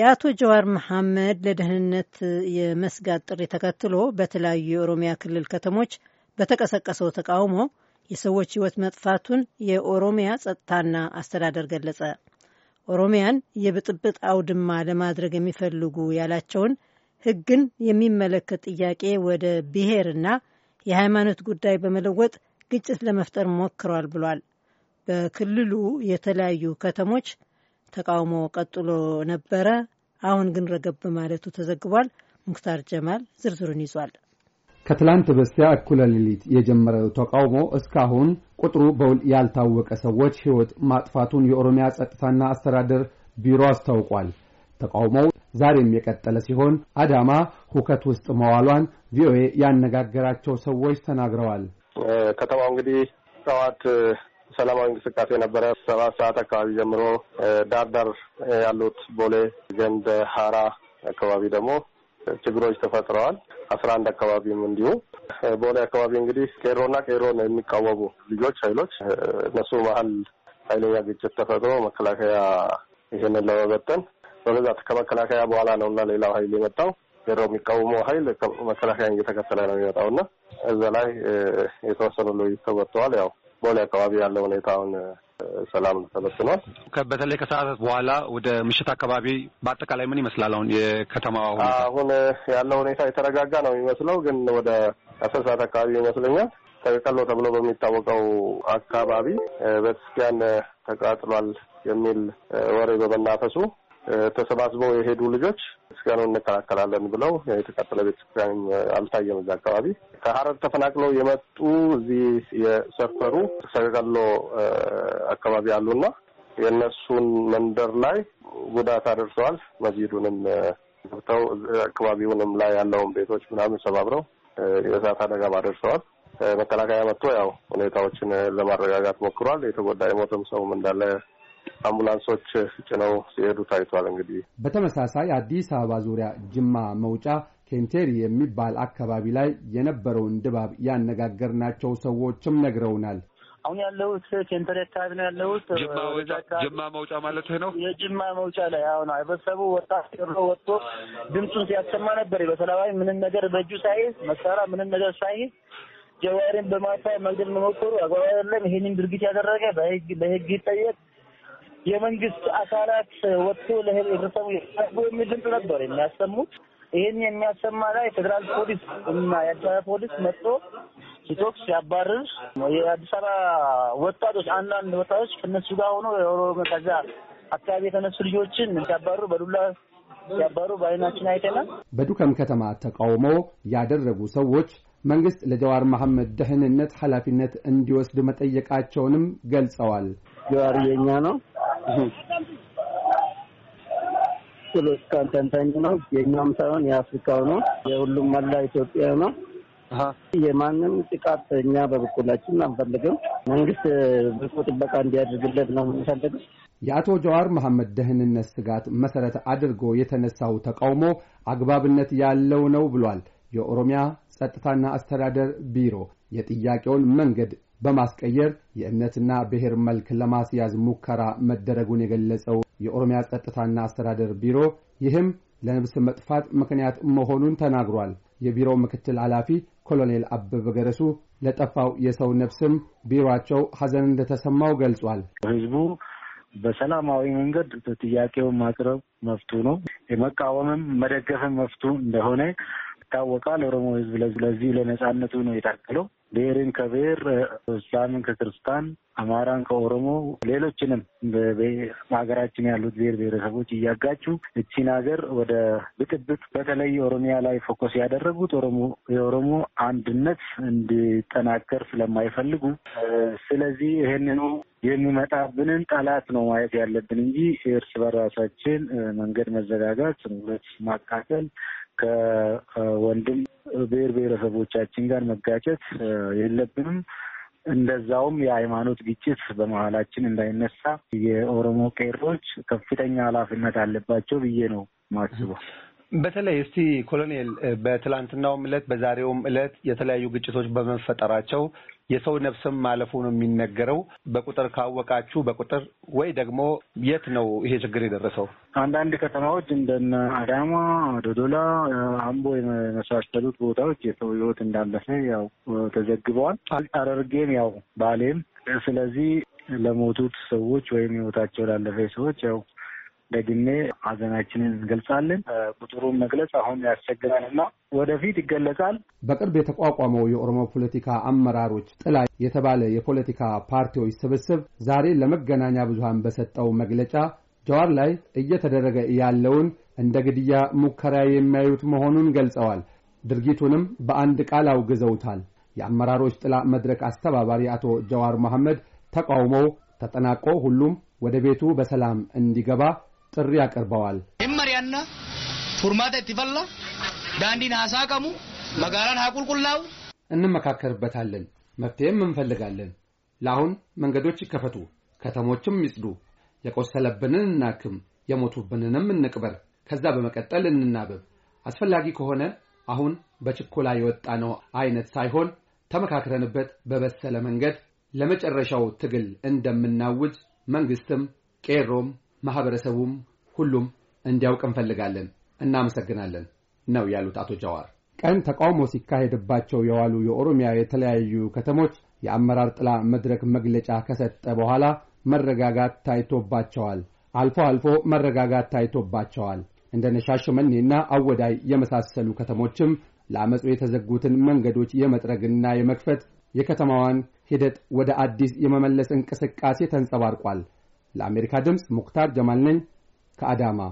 የአቶ ጀዋር መሐመድ ለደህንነት የመስጋት ጥሪ ተከትሎ በተለያዩ የኦሮሚያ ክልል ከተሞች በተቀሰቀሰው ተቃውሞ የሰዎች ሕይወት መጥፋቱን የኦሮሚያ ጸጥታና አስተዳደር ገለጸ። ኦሮሚያን የብጥብጥ አውድማ ለማድረግ የሚፈልጉ ያላቸውን ሕግን የሚመለከት ጥያቄ ወደ ብሔርና የሃይማኖት ጉዳይ በመለወጥ ግጭት ለመፍጠር ሞክረዋል ብሏል። በክልሉ የተለያዩ ከተሞች ተቃውሞ ቀጥሎ ነበረ። አሁን ግን ረገብ ማለቱ ተዘግቧል። ሙክታር ጀማል ዝርዝሩን ይዟል። ከትላንት በስቲያ እኩለ ሌሊት የጀመረው ተቃውሞ እስካሁን ቁጥሩ በውል ያልታወቀ ሰዎች ሕይወት ማጥፋቱን የኦሮሚያ ጸጥታና አስተዳደር ቢሮ አስታውቋል። ተቃውሞው ዛሬም የቀጠለ ሲሆን አዳማ ሁከት ውስጥ መዋሏን ቪኦኤ ያነጋገራቸው ሰዎች ተናግረዋል። ከተማው እንግዲህ ጠዋት ሰላማዊ እንቅስቃሴ ነበረ። ሰባት ሰዓት አካባቢ ጀምሮ ዳር ዳር ያሉት ቦሌ፣ ገንደ፣ ሀራ አካባቢ ደግሞ ችግሮች ተፈጥረዋል። አስራ አንድ አካባቢም እንዲሁ ቦሌ አካባቢ እንግዲህ ቄሮና ቄሮ ነው የሚቃወሙ ልጆች ኃይሎች እነሱ መሀል ኃይለኛ ግጭት ተፈጥሮ መከላከያ ይህንን ለመበተን በብዛት ከመከላከያ በኋላ ነው እና ሌላው ኃይል የመጣው ቄሮ የሚቃወመው ኃይል መከላከያ እየተከተለ ነው የሚመጣው እና እዛ ላይ የተወሰኑ ልጆች ተመጥተዋል። ያው ቦሌ አካባቢ ያለው ሁኔታ አሁን ሰላም ተበትኗል። በተለይ ከሰዓታት በኋላ ወደ ምሽት አካባቢ በአጠቃላይ ምን ይመስላል? አሁን የከተማ አሁን ያለው ሁኔታ የተረጋጋ ነው የሚመስለው፣ ግን ወደ አስር ሰዓት አካባቢ ይመስለኛል ተቀቀሎ ተብሎ በሚታወቀው አካባቢ ቤተክርስቲያን ተቃጥሏል የሚል ወሬ በመናፈሱ ተሰባስበው የሄዱ ልጆች ቤተክርስቲያኑ እንከላከላለን ብለው የተቃጠለ ቤተክርስቲያን አልታየም። እዛ አካባቢ ከሀረር ተፈናቅለው የመጡ እዚህ የሰፈሩ ሰገቀሎ አካባቢ አሉና የእነሱን መንደር ላይ ጉዳት አደርሰዋል። መስጊዱንም ገብተው አካባቢውንም ላይ ያለውን ቤቶች ምናምን ሰባብረው የእሳት አደጋ አደርሰዋል። መከላከያ መጥቶ ያው ሁኔታዎችን ለማረጋጋት ሞክሯል። የተጎዳ የሞተም ሰውም እንዳለ አምቡላንሶች ጭነው ሲሄዱ ታይቷል። እንግዲህ በተመሳሳይ አዲስ አበባ ዙሪያ ጅማ መውጫ ኬንቴሪ የሚባል አካባቢ ላይ የነበረውን ድባብ ያነጋገርናቸው ሰዎችም ነግረውናል። አሁን ያለሁት ኬንተሪ አካባቢ ነው ያለሁት። ጅማ መውጫ ማለት ነው። የጅማ መውጫ ላይ አሁን ህብረተሰቡ ወጣ ሮ ወጥቶ ድምፁን ሲያሰማ ነበር። በሰላማዊ ምንም ነገር በእጁ ሳይዝ መሳሪያ ምንም ነገር ሳይዝ ጀዋሪን በማታ መግደል መሞከሩ አግባብ አይደለም። ይሄንን ድርጊት ያደረገ በህግ ይጠየቅ። የመንግስት አካላት ወጥቶ ለህብረተሰቡ የሚል ድምፅ ነበር የሚያሰሙት። ይህን የሚያሰማ ላይ ፌዴራል ፖሊስ እና የአዲስ አበባ ፖሊስ መጥቶ ሲቶክስ ሲያባርር የአዲስ አበባ ወጣቶች አንዳንድ ወጣቶች ከነሱ ጋር ሆኖ የኦሮሞ ከዛ አካባቢ የተነሱ ልጆችን ሲያባርሩ በዱላ ሲያባሩ በአይናችን አይተናል። በዱከም ከተማ ተቃውሞ ያደረጉ ሰዎች መንግስት ለጀዋር መሐመድ ደህንነት ኃላፊነት እንዲወስድ መጠየቃቸውንም ገልጸዋል። ጀዋር የኛ ነው ሁሉ እስካሁን ነው። የእኛም ሳይሆን የአፍሪካው ነው። የሁሉም መላ ኢትዮጵያ ነው። የማንም ጥቃት እኛ በበኩላችን አንፈልግም። መንግስት ብቁ ጥበቃ እንዲያደርግለት ነው የምንፈልገው። የአቶ ጀዋር መሐመድ ደህንነት ስጋት መሰረት አድርጎ የተነሳው ተቃውሞ አግባብነት ያለው ነው ብሏል። የኦሮሚያ ጸጥታና አስተዳደር ቢሮ የጥያቄውን መንገድ በማስቀየር የእምነትና ብሔር መልክ ለማስያዝ ሙከራ መደረጉን የገለጸው የኦሮሚያ ጸጥታና አስተዳደር ቢሮ ይህም ለነብስ መጥፋት ምክንያት መሆኑን ተናግሯል። የቢሮው ምክትል ኃላፊ ኮሎኔል አበበ ገረሱ ለጠፋው የሰው ነብስም ቢሮቸው ሐዘን እንደተሰማው ገልጿል። ህዝቡ በሰላማዊ መንገድ ጥያቄውን ማቅረብ መፍቱ ነው። የመቃወምም መደገፍም መፍቱ እንደሆነ ይታወቃል። ኦሮሞ ህዝብ ለዚህ ለነጻነቱ ነው የታገለው። ብሔርን ከብሔር፣ እስላምን ከክርስታን፣ አማራን ከኦሮሞ፣ ሌሎችንም በሀገራችን ያሉት ብሔር ብሔረሰቦች እያጋጩ እቺን ሀገር ወደ ብጥብጥ በተለይ ኦሮሚያ ላይ ፎከስ ያደረጉት ኦሮሞ የኦሮሞ አንድነት እንዲጠናከር ስለማይፈልጉ ስለዚህ ይህንኑ የሚመጣብንን ጠላት ነው ማየት ያለብን እንጂ እርስ በራሳችን መንገድ መዘጋጋት፣ ሁለት ማቃጠል ከወንድም ብሔር ብሔረሰቦቻችን ጋር መጋጨት የለብንም። እንደዛውም የሃይማኖት ግጭት በመሀላችን እንዳይነሳ የኦሮሞ ቄሮች ከፍተኛ ኃላፊነት አለባቸው ብዬ ነው ማስበው። በተለይ እስቲ ኮሎኔል በትላንትናውም እለት በዛሬውም እለት የተለያዩ ግጭቶች በመፈጠራቸው የሰው ነፍስም ማለፉ ነው የሚነገረው። በቁጥር ካወቃችሁ በቁጥር ወይ ደግሞ የት ነው ይሄ ችግር የደረሰው? አንዳንድ ከተማዎች እንደነ አዳማ፣ ዶዶላ፣ አምቦ የመሳሰሉት ቦታዎች የሰው ህይወት እንዳለፈ ያው ተዘግበዋል። ሐረርጌም ያው ባሌም። ስለዚህ ለሞቱት ሰዎች ወይም ህይወታቸው ላለፈ ሰዎች ያው ደግሜ ሀዘናችንን እንገልጻለን። ቁጥሩን መግለጽ አሁን ያስቸግራል ወደፊት ይገለጻል። በቅርብ የተቋቋመው የኦሮሞ ፖለቲካ አመራሮች ጥላ የተባለ የፖለቲካ ፓርቲዎች ስብስብ ዛሬ ለመገናኛ ብዙሃን በሰጠው መግለጫ ጀዋር ላይ እየተደረገ ያለውን እንደ ግድያ ሙከራ የሚያዩት መሆኑን ገልጸዋል። ድርጊቱንም በአንድ ቃል አውግዘውታል። የአመራሮች ጥላ መድረክ አስተባባሪ አቶ ጀዋር መሐመድ ተቃውሞው ተጠናቆ ሁሉም ወደ ቤቱ በሰላም እንዲገባ ጥሪ አቅርበዋል። መሪያና ፉርማታ ትፈላ ዳንዲን ሀሳቀሙ መጋራን ሀቁልቁላው እንመካከርበታለን። መፍትሄም እንፈልጋለን። ለአሁን መንገዶች ይከፈቱ፣ ከተሞችም ይጽዱ፣ የቆሰለብንን እናክም፣ የሞቱብንንም እንቅበር። ከዛ በመቀጠል እንናበብ። አስፈላጊ ከሆነ አሁን በችኮላ የወጣነው አይነት ሳይሆን ተመካክረንበት በበሰለ መንገድ ለመጨረሻው ትግል እንደምናውጅ መንግስትም ቄሮም ማህበረሰቡም ሁሉም እንዲያውቅ እንፈልጋለን፣ እናመሰግናለን ነው ያሉት አቶ ጃዋር ቀን ተቃውሞ ሲካሄድባቸው የዋሉ የኦሮሚያ የተለያዩ ከተሞች የአመራር ጥላ መድረክ መግለጫ ከሰጠ በኋላ መረጋጋት ታይቶባቸዋል። አልፎ አልፎ መረጋጋት ታይቶባቸዋል። እንደ ነሻሸመኔና አወዳይ የመሳሰሉ ከተሞችም ለአመፁ የተዘጉትን መንገዶች የመጥረግና የመክፈት የከተማዋን ሂደት ወደ አዲስ የመመለስ እንቅስቃሴ ተንጸባርቋል። ለአሜሪካ ድምፅ ሙክታር ጀማል ነኝ ከአዳማ